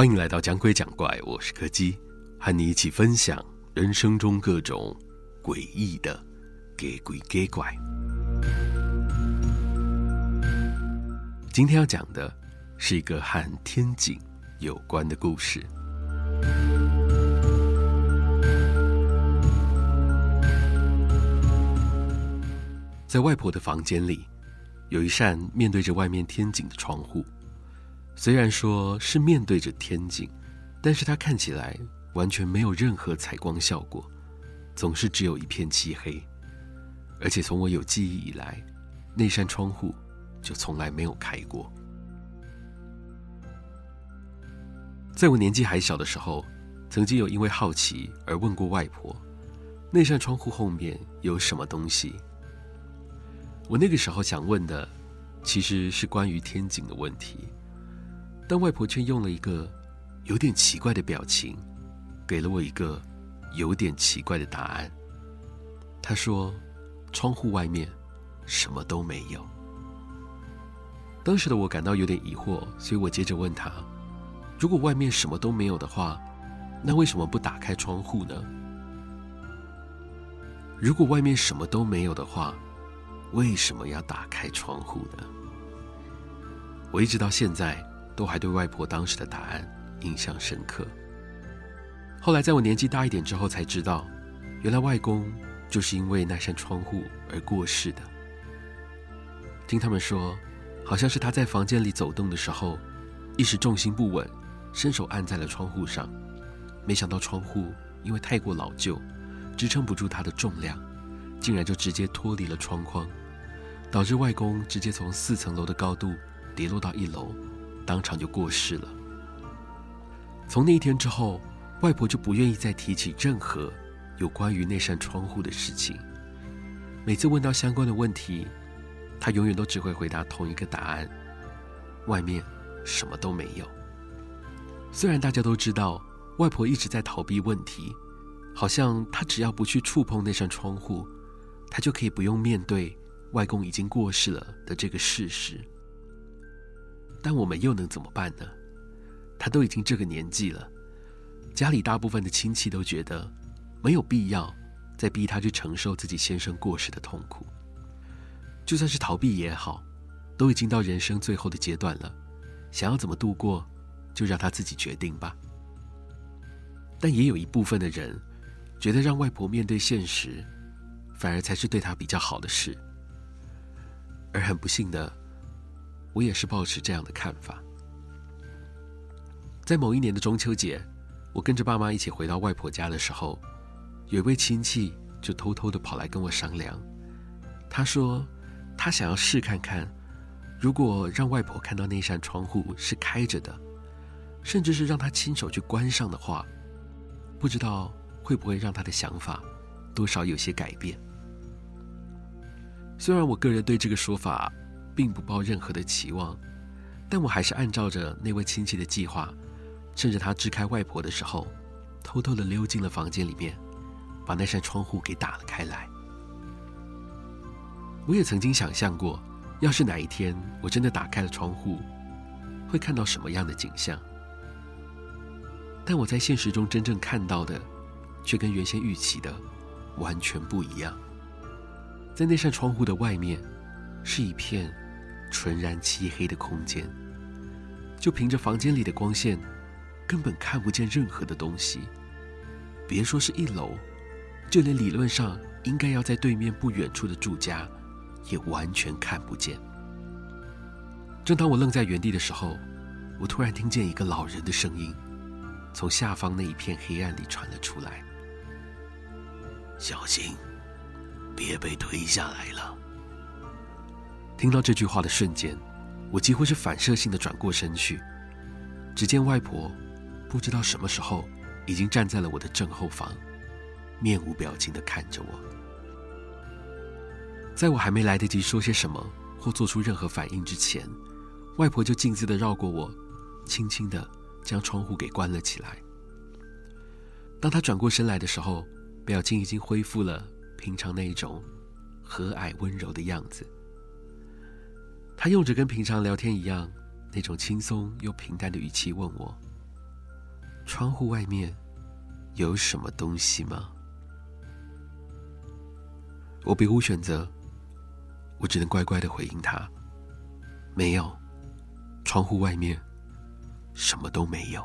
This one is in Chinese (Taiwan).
歡迎來到講鬼講怪，我是柯基，和你一起分享人生中各種詭異的鬼鬼怪怪。今天要講的是一個和天井有關的故事。在外婆的房間裡，有一扇面對着外面天井的窗戶。雖然說是面對着天井，但是它看起來完全沒有任何採光效果，總是只有一片漆黑。而且從我有記憶以來，那扇窗戶就從來沒有開過。在我年紀還小的時候，曾經有因為好奇而問過外婆，那扇窗戶後面有什麼東西。我那個時候想問的，其實是關於天井的問題。但外婆卻用了一個有點奇怪的表情，給了我一個有點奇怪的答案。她說：“窗戶外面什麼都沒有。”當時的我感到有點疑惑，所以我接着問她：“如果外面什麼都沒有的話，那為什麼不打開窗戶呢？如果外面什麼都沒有的話，為什麼要打開窗戶呢？”我一直到現在。都還對外婆當時的答案印象深刻。後來在我年紀大一點之後才知道，原來外公就是因為那扇窗戶而過世的。聽他們說，好像是他在房間裡走動的時候，一時重心不穩，伸手按在了窗戶上，沒想到窗戶因為太過老舊，支撐不住他的重量，竟然就直接脫離了窗框，導致外公直接從四層樓的高度跌落到一樓。當場就過世了。從那一天之後，外婆就不願意再提起任何有關於那扇窗戶的事情。每次問到相關的問題，她永遠都只會回答同一個答案：外面什麼都沒有。雖然大家都知道外婆一直在逃避問題，好像她只要不去觸碰那扇窗戶，她就可以不用面對外公已經過世了的這個事實。但我們又能怎麼辦呢？她都已經這個年紀了，家裡大部分的親戚都覺得沒有必要再逼她去承受自己先生過世的痛苦，就算是逃避也好，都已經到人生最後的階段了，想要怎麼度過，就讓她自己決定吧。但也有一部分的人覺得讓外婆面對現實，反而才是對她比較好的事，而很不幸的。我也是抱持這樣的看法，在某一年的中秋節，我跟着爸媽一起回到外婆家的時候，有一位親戚就偷偷地跑來跟我商量。他說，他想要試看看，如果讓外婆看到那扇窗戶是開着的，甚至是讓她親手去關上的話，不知道會不會讓她的想法多少有些改變。雖然我個人對這個說法，並不抱任何的期望，但我還是按照着那位親戚的計劃，趁着他支開外婆的時候，偷偷的溜進了房間裡面，把那扇窗戶給打了開來。我也曾經想象過，要是哪一天我真的打開了窗戶，會看到什麼樣的景象。但我在現實中真正看到的，卻跟原先預期的完全不一樣。在那扇窗戶的外面，是一片。純然漆黑的空間，就憑着房間裡的光線，根本看不見任何的東西。別說是一樓，就連理論上應該要在對面不遠處的住家，也完全看不見。正當我愣在原地的時候，我突然聽見一個老人的聲音，從下方那一片黑暗裡傳了出來：“小心，別被推下來了。”聽到這句話的瞬間，我幾乎是反射性的轉過身去。只見外婆不知道什麼時候已經站在了我的正後方，面無表情的看着我。在我還沒來得及說些什麼或做出任何反應之前，外婆就徑自的繞過我，輕輕的將窗戶給關了起來。當她轉過身來的時候，表情已經恢復了平常那一種和藹溫柔的樣子。他用着跟平常聊天一樣那種輕鬆又平淡的語氣問我：“窗戶外面有什麼東西嗎？”我別無選擇，我只能乖乖地回應他：“沒有，窗戶外面什麼都沒有。”